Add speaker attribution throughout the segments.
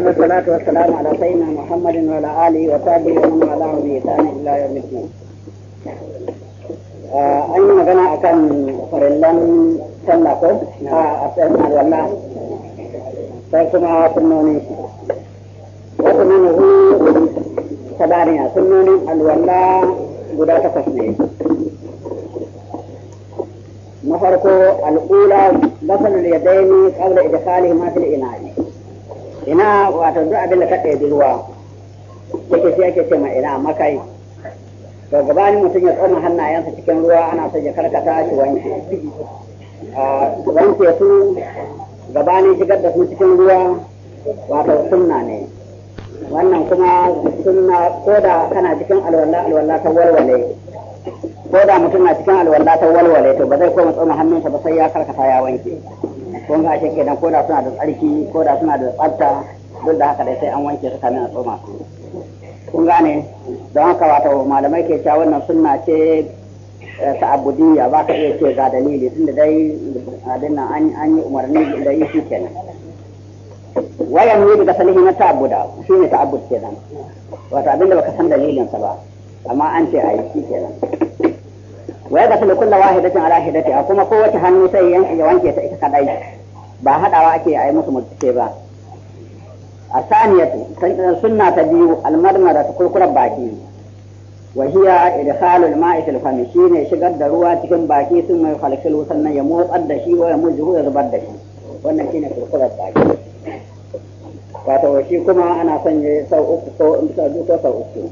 Speaker 1: ثم الصلاة والسلام على سيدنا محمد وعلى آله وصحبه ومن والاه بإحسان إلى يوم الدين. أنا آه، مغنى أكن فرلان سلاكو نعم. آه، أسأل مع الله فأكما سنوني وكمن هو سبانيا سنوني الولا قدا تفسني نفرقو الأولى غسل اليدين قبل إدخالهما في الإناني ina wato duk abin da ka ɗaya ruwa yake sai ke ce ma ina makai to gabanin mutum ya tsoma hannayensa cikin ruwa ana son ya karkata shi wanke wanke su gabanin shigar da su cikin ruwa wato sunna ne wannan kuma sunna ko da kana cikin alwala alwala ta walwale ko da mutum na cikin alwala ta walwale to ba zai koma tsoma hannunsa ba sai ya karkata ya wanke kun ga ashe kenan ko da suna da tsarki ko da suna da tsabta duk da haka dai sai an wanke su kamin a tsoma kun gane don haka wato malamai ke cewa wannan sunna ce eh, abudiyya ba ka iya ce ga dalili tunda dai abin nan an yi umarni da yi kenan wayan ne daga salihi na ta'abbuda shi ne ta'abbud kenan wato abinda baka san dalilinsa ba amma an ce a yi shi kenan waya da kulla wahidatin ala hidati a kuma kowace hannu sai yanke wanke ta ita kadai ba haɗawa ake a yi musu mutuke ba a saniyatu sunna ta biyu almarmara ta kurkurar baki wa hiya idkhalul ma'i fil fami shine shigar da ruwa cikin baki sun mai falkilu sannan ya motsar da shi wa ya mujru ya zubar da shi wannan shine kurkurar baki wato shi kuma ana son ya sau uku ko in bisa biyu ko sau uku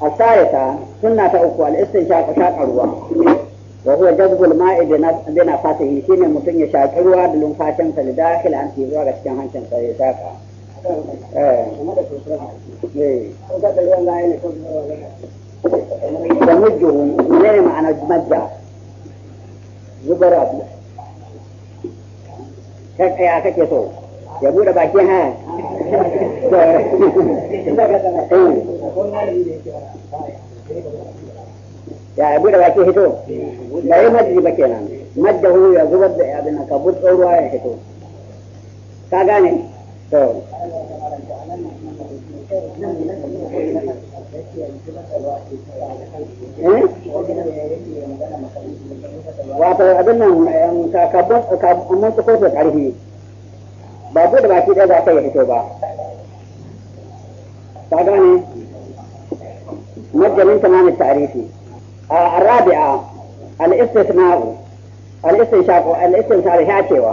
Speaker 1: a sayata sunna ta uku al-istinshaq shaqa ruwa وهو جذب الماء بنفاته شين متن يشاك روا دلون فاشن فلداخل عن في الداخل في روا غشكا آه. هنشن إيه. فلداخل ومجهم منين معنى مجع زبراب كيف يا كيف يسو يا بودا باكي ها ايه ya bude baki hito da eh, yi majji ba kenan majjahu ya zubar da abin ka bud ruwa ya hito ka gane to
Speaker 2: eh? wato abin nan
Speaker 1: kamun tsoko da ƙarfi ba bude baki ɗaya za ka yi hito ba ka gane majjalin tamamin tarihi الرابعة الاستثناء الاستنشاق الاستنشاق هاتوا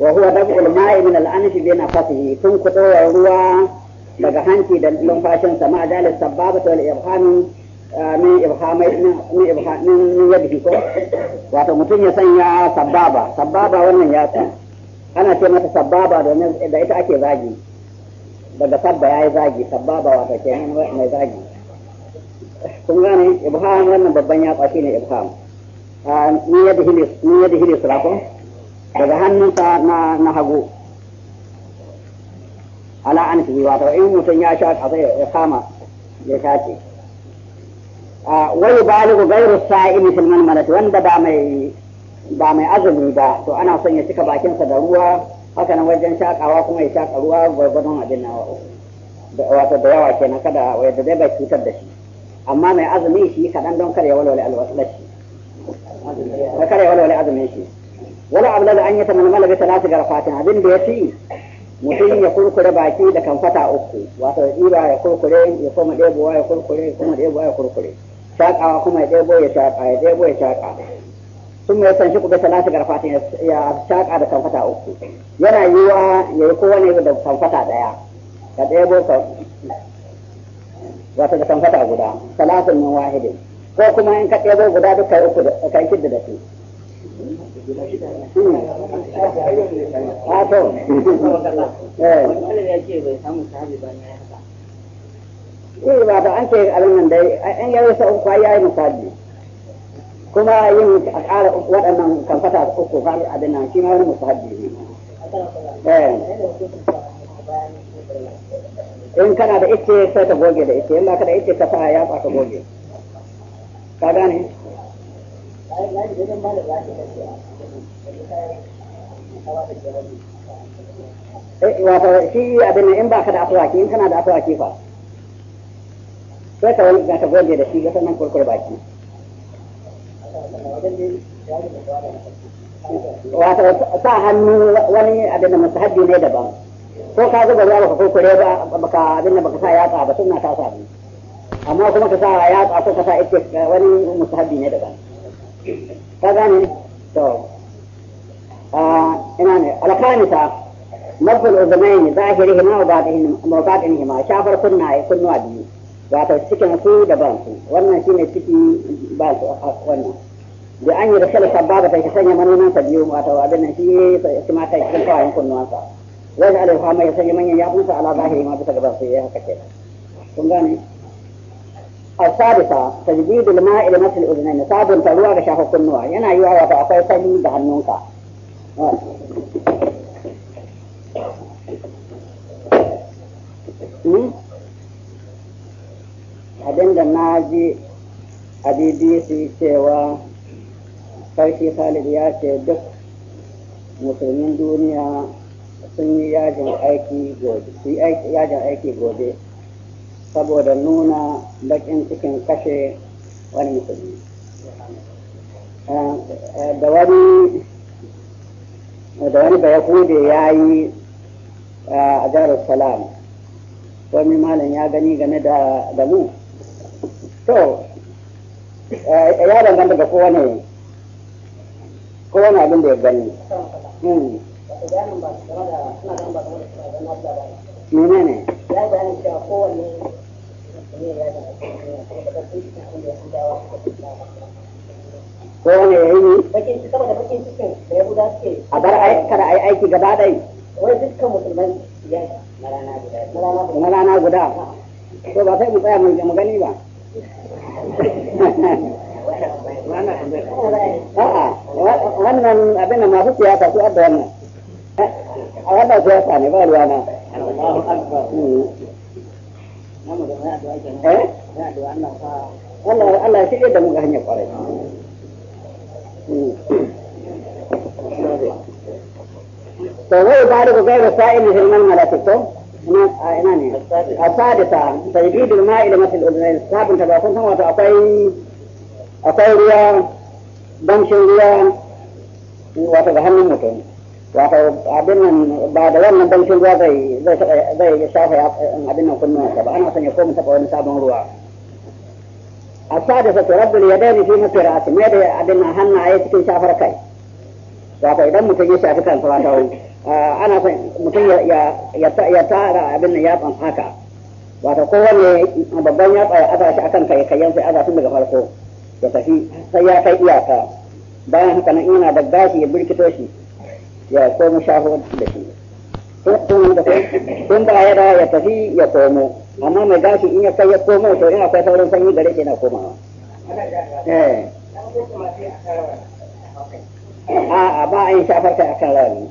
Speaker 1: وهو دفع الماء من الأنف بنفسه تنقطه الروى daga hanci da numfashinsa ma dalis sababata wal ibhamin min ibhamai min ibhamin min yadihi ko wato mutum ya sanya sababa sababa wannan ya ta, ana ce mata sababa domin da ita ake zagi daga sabba yayi zagi sababa wato kenan mai zagi kun gane ibham wannan babban yatsa shi ne ibham ah, ni yadda hilis ni yadda hilis daga hannunsa na na hagu ala an fi wata in mutum ya sha kasa ya kama ya shace ah, wani baligu gairu sa'imi musulman manmalati wanda ba mai ba mai azumi ba to ana son ya cika bakinsa da ruwa haka nan wajen shakawa kuma ya shaka ruwa gwargwadon abin na wato da yawa kenan kada wai da zai bai cutar da shi amma mai azumi shi kaɗan don kare walwale alwasalar shi ka kare walwale azumin shi wani abu da an yi tamalmala bi talati garfatin abin da ya fi mutum ya kurkure baki da kamfata uku wato ya ɗiba ya kurkure ya koma ɗebowa ya kurkure ya koma ɗebowa ya kurkure shaƙawa kuma ya ɗebo ya shaƙa ya ɗebo ya shaƙa sun mai san shi ku bi talati garfatin ya shaƙa da kamfata uku yana yiwa ya yi kowane da kamfata ɗaya ka ɗebo ka wato da kan fata guda salatin min wahidin ko kuma in ka ɗebo guda duka uku da kai shidda da su Ato. Eh ba eh, ta an ce abin nan dai an yi sa uku ya yi misali kuma yin a ƙara uku waɗannan kan fata uku ba a nan shi ma wani musahabi ne. Eh. in kana da ice sai ka goge da ice in ba ka da ice ka sa ya ka goge ka gane eh, wato shi abin in ba ka da aswaki in kana da aswaki fa sai ka wani ka goge da shi ga sannan kurkur baki wato sa hannu wani abin da musahabi ne daban ko ka zuba ka kai kure ba baka dinna ba baka sa yatsa ba sunna ta ba, amma kuma ka sa yatsa ko ka sa ita eh, wani mustahabi ne daban ka gane to ina ne alkanisa mabul uzumain zahirihima wa batinihima wa batinihima shafar kunna kunnuwa biyu ta cikin ku da ba ku wannan shine ciki ba su wannan da an yi da sababa ta sanya manonan sa biyu wa abin nan shi shi ma kai cikin kawayen kunnuwansa wani alaifa mai sanya manyan ya busa ala zahiri ma bisa gaban sai ya haka ke kun gane السادسة تجديد الماء لمس الأذنين سابن تروى غشاف الكنوة ينا يوا وطا أقوي سنين جهنونك abin da na ji a bbc cewa sarki khalid ya ce duk musulmin duniya sun yi yajin aiki gobe su yajin aiki gobe saboda nuna bakin cikin kashe wani musulmi eh, da wani da wani bayahude ya yi eh, a jarar salam ko mai malam ya gani game da mu to eh, ya danganta daga kowane kowane abin da ya gani hmm. mene ne kowane ya
Speaker 2: yi a bar aiki gaba ɗai na rana guda ba sai mu tsaya mu gani ba
Speaker 1: wannan abin da masu siyasa su wannan هذا شيء ثاني ما له انا
Speaker 2: الله اكبر
Speaker 1: إيه؟ الله الله شيء يدعو مغهن يقرأ فهو يبالغ غير سائل مثل من ملكته السادسة تجديد الماء إلى مثل الأذنين السابع تبعكم ثم تعطي أطيريا دمشن ريا وتبهن المتون wato abin nan ba da wannan danshin ruwa zai zai shafa abin nan kunnuwansa ba ana ah, sanya komai koma wani sabon ruwa a sada sa rabbul yadaini fi mutira asma da abin nan hannaye cikin shafar kai wato idan mutum ya shafi kansa wato ana sanya mutum ya tara abin nan yatsan haka wato kowanne babban yatsa ya aza shi akan kai kayan sai aza tun daga farko ya tafi sai ya kai iyaka bayan haka nan yana da gashi ya birkito shi ya komo shahuwanci da shi tun baya da ya tafi ya komo amma mai gashi in ya kai ya komo to in akwai sauran sanyi gare shi na komawa
Speaker 2: eh. a'a
Speaker 1: ba a yin shafar kai akan rawani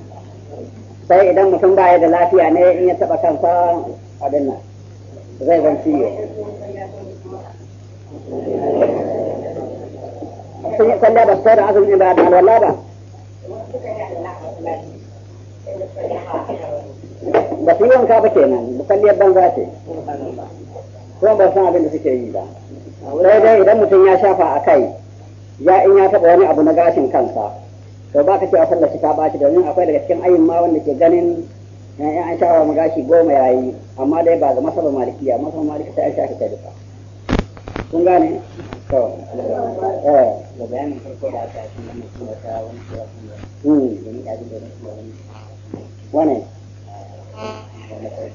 Speaker 1: sai idan mutum baya da lafiya ne in ya taba kansa abin nan zai zan ciwo sun yi kwallo ba su da azumi ba da alwala ba ba su yi wanka ba kenan bukalliyar banza ce kuma ba san abin da suke yi ba sai dai idan mutum ya shafa a kai ya in ya taba wani abu na gashin kansa to ba ka ce a sallar shi ba baci domin akwai daga cikin ayin ma wanda ke ganin yi eh, an shafa magashi gashi goma ya yi amma dai ba ga masaba malikiya masaba malikiya sai an shafa ta duka kun gane da da wani da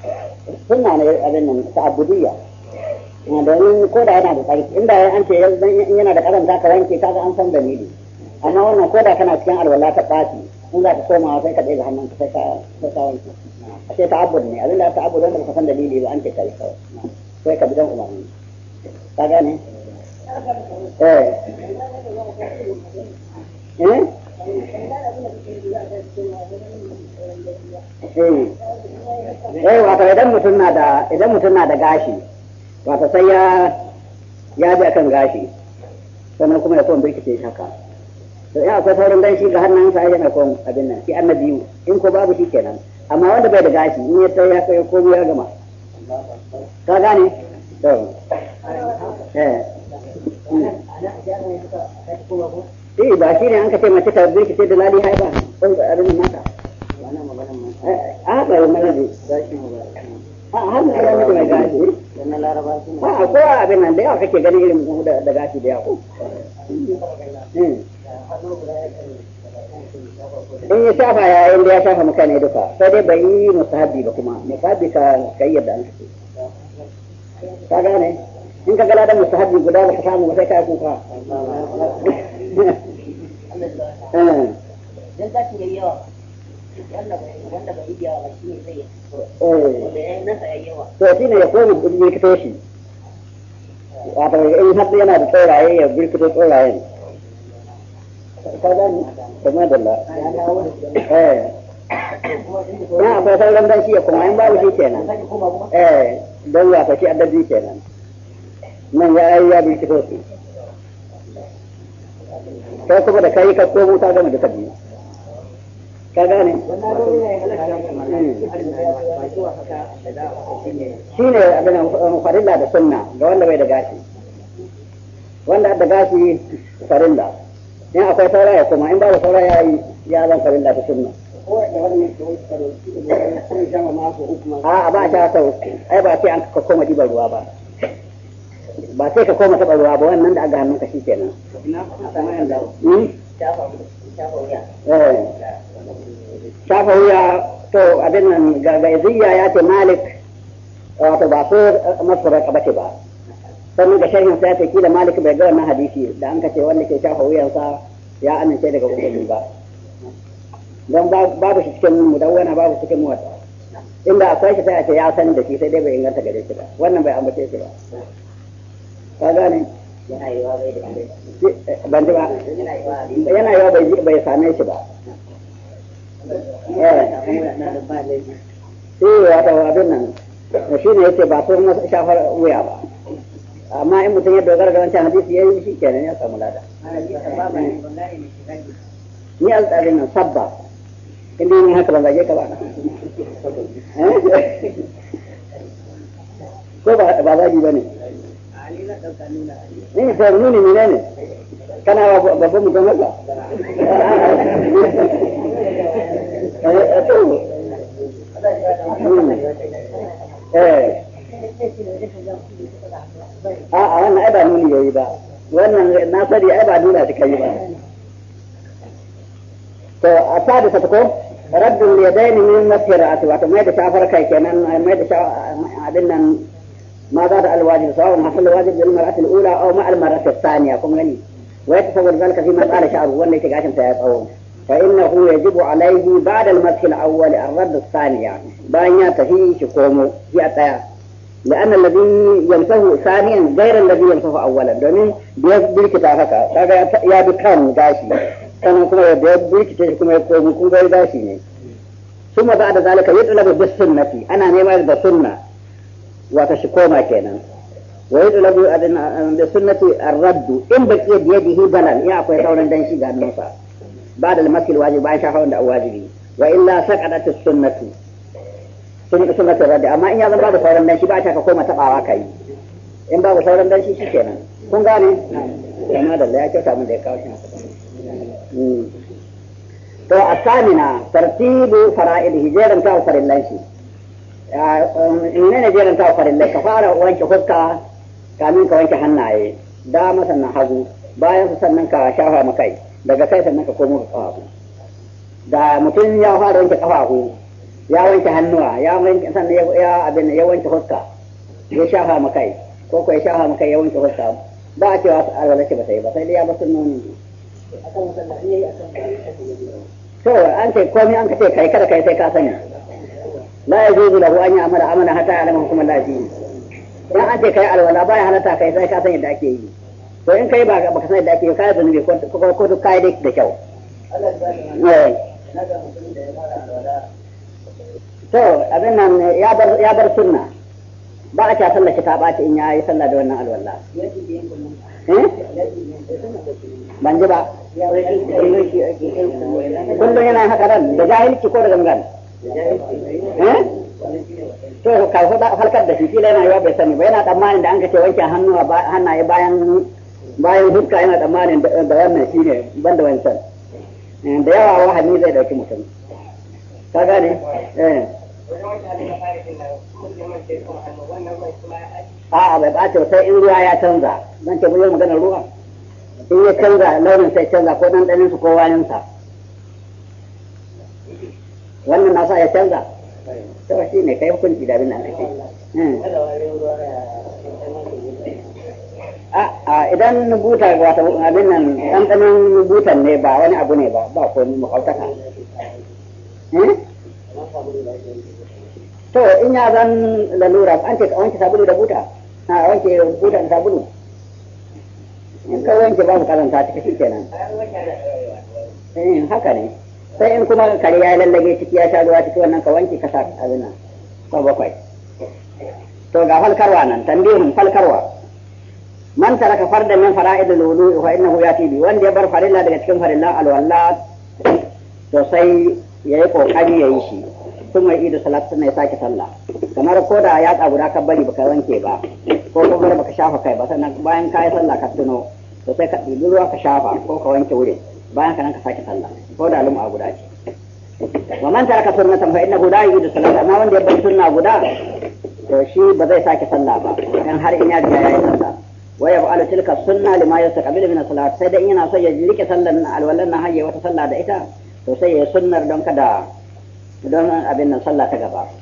Speaker 1: da suna ne abin nan ta'abudiyya domin ko da yana da tsarki inda an ce yana da karanta ka wanke ka an san dalili amma wannan ko da kana cikin alwala ta ɓaci in za ka komawa sai ka ɗaya hannun sai ka wanke a ce ta'abud ne abin da ta'abud wanda ka san dalili ba an ce kai kawai sai ka bi don umarni ka gane eh eh
Speaker 2: eh wato idan mutum
Speaker 1: na da idan mutum na da gashi wato sai ya ya bi akan gashi sannan kuma ya son birkice shi haka to ya akwai saurin shi ga hannun sa yana kon abin nan shi annabi biyu in ko babu shi kenan amma wanda bai da gashi in ya ta ya kai ko ya gama ka gane to eh eh ba shi ne an ka ce mace ta bin shi sai da lali da mata a mana ne har gashi a abin nan ah, ah, da yawa kake gani irin da gashi da yawa in eh.
Speaker 2: eh, ya shafa ya ya
Speaker 1: shafa mutane duka sai dai bai yi musahabi ba kuma musahabi ka an ka gane in ka gala dan mustahabi guda ba ka sai ka kuka
Speaker 2: dan yayi yawa wanda yi yawa shi ne zai yi eh.
Speaker 1: ya shi eh. ya koma in yana da tsoraye ya birkito tsorayen ka gani kamar da la na
Speaker 2: akwai sauran dan shi ya kuma babu shi kenan
Speaker 1: eh. don ya fashi addabi kenan nan ya yi ya binciko su
Speaker 2: ta kuma da kai ka komo
Speaker 1: ta gama duka biyu ka gane shi ne abin um, farilla da sunna ga wanda bai da gashi wanda da gashi farilla in akwai saura ya kuma in babu saura ya yi ya zan farilla da sunna
Speaker 2: a ba ta
Speaker 1: sau ai ba sai an koma dibar ruwa ba ba sai ka koma taɓa ruwa ba wannan da aga hannun ka shi nan.
Speaker 2: Hmm? Eh. shafa wuya
Speaker 1: to abin nan gagaiziya ya ce malik wato ba su masu raka bace ba sannan ga shahin sa ya ce kila malik bai ga wannan hadisi da an kace wanda ke shafa wuyansa ya amince daga ubangiji ba don babu shi cikin mudawwana babu cikin wata. inda akwai shi sai a ce ya sani da shi sai dai bai inganta gare shi ba wannan bai ambace shi ba ka gane ban ji bai same shi ba eh, eh wata abin nan shi ne yake ba ko na shafar wuya ba amma in mutum ya dogara da wancan hadisi ya yi shi kenan ya samu lada ni a nan sabba inda ni haka ban zage ka ba eh? ko ba zagi ba ne ne sai nuni mene ne kana ba, babban mutum haka a'a wannan ai ba nuni yayi ba wannan na sani ai ba nuna shi kai ba to a sadi ta ko raddul yadaini mai da shafar kai kenan mai da abin nan ما بعد الواجب سواء حصل الواجب للمرأة الأولى أو مع المرأة الثانية قم غني ويتصور ذلك فيما قال شعره واللي تقاشم سيطعون فإنه يجب عليه بعد المسح الأول الرد الثاني يعني بان يتفي شكومه في أتايا لأن الذي يمسه ثانيا غير الذي يمسه أولا دوني بيبدل كتابك كاغا يا بكام داشي كان كما بيبدل كتابك كما يقوم كون غير غاشي ثم بعد ذلك يطلب بالسنة أنا نيما بالسنة wata shi koma kenan wai da labu da sunnati arraddu in ke da yadihi balan in akwai sauran shi ga nufa ba da masil wajibi bayan shafa wanda wajibi wa illa saqadat sunnatu sun sunnatu raddi amma in ya zama da sauran shi ba ta ka koma tabawa kai in ba babu sauran shi kenan kun gane amma da laya ta mun da ya kawo shi to a samina tartibu fara'id hijiran ta farillan shi in um, ne nan ta farillai ka fara wanke fuska kamin ka wanke hannaye Da sannan hagu bayan su sannan ka shafa makai, daga kai sannan ka komo ka kafafu da mutum ya fara wanke kafafu ya wanke hannuwa ya wanke sannan ya abin ya wanke fuska ya shafa makai, ko ko ya shafa ma ya wanke fuska ba a cewa alwala ce ba sai ba sai dai ya ba sunnoni to an ce komai an ka ce kai kada kai sai ka sani la yajuzu lahu an ya'mala amala hatta ya'lama hukum Allah fihi dan ake kai alwala baya halatta kai sai ka san yadda ake yi ko in kai ba ka san yadda ake yi kai zanubi ko ko ko kai da kyau eh. to abin nan ya bar sunna ba a ta sallar shi ta ɓaci in ya yi sallah da wannan alwala eh?
Speaker 2: ban ji ba kullum yana haka ran da jahilci
Speaker 1: ko da gangan to ka halkar da shi kila na yawa bai sani ba yana tsammanin da an kace wanke hannu hannaye bayan bayan hukka yana tsammanin da wannan shine ban da wancan eh, da yawa wahami zai dauki mutum ka gane eh a'a bai ba ce sai in ruwa ya canza zan ce mu yi maganar ruwa in ya canza launin sai canza ko ɗanɗanin su ko wayansa wannan nasa ya canza to shi ne kai hukunci da abin nan ake hmm. a ah, ah, idan nubuta wata abin nan ɗanɗanon nubutan ne ba wani abu ne ba ba ko mu hautaka hmm? to in ya zan lalura an ce ka wanke sabulu da buta a wanke buta da sabulu in ka wanke mu karanta ta kashi kenan hmm, haka ne sai in kuma kare ya lallage ciki ya sha ruwa ciki wannan ka wanke ka sa abin nan ko bakwai to ga falkarwa nan tambihun falkarwa man taraka farda min fara'idul wudu fa innahu yati bi wanda ya bar farilla daga cikin farilla alwalla to sai yayi kokari yayi shi mai idu salat ne ya sake sallah kamar ko da ya guda ka bari baka wanke ba ko kuma baka shafa kai ba sannan bayan ka yi sallah ka tuno to sai ka ɗibi ruwa ka shafa ko ka wanke wurin bayan ka nan ka sake sallah ko da lumu a guda ce wa man taraka sunnatan fa innahu la yujidu salata amma wanda ya bar sunna guda to shi ba zai sake sallah ba dan har in ya ji ya yi sallah wa yaf'alu tilka sunna lima yastaqbilu min salat sai dan yana so ya rike sallan alwallan na hayya wata sallah da ita to sai ya sunnar don kada don abin nan sallah ta gaba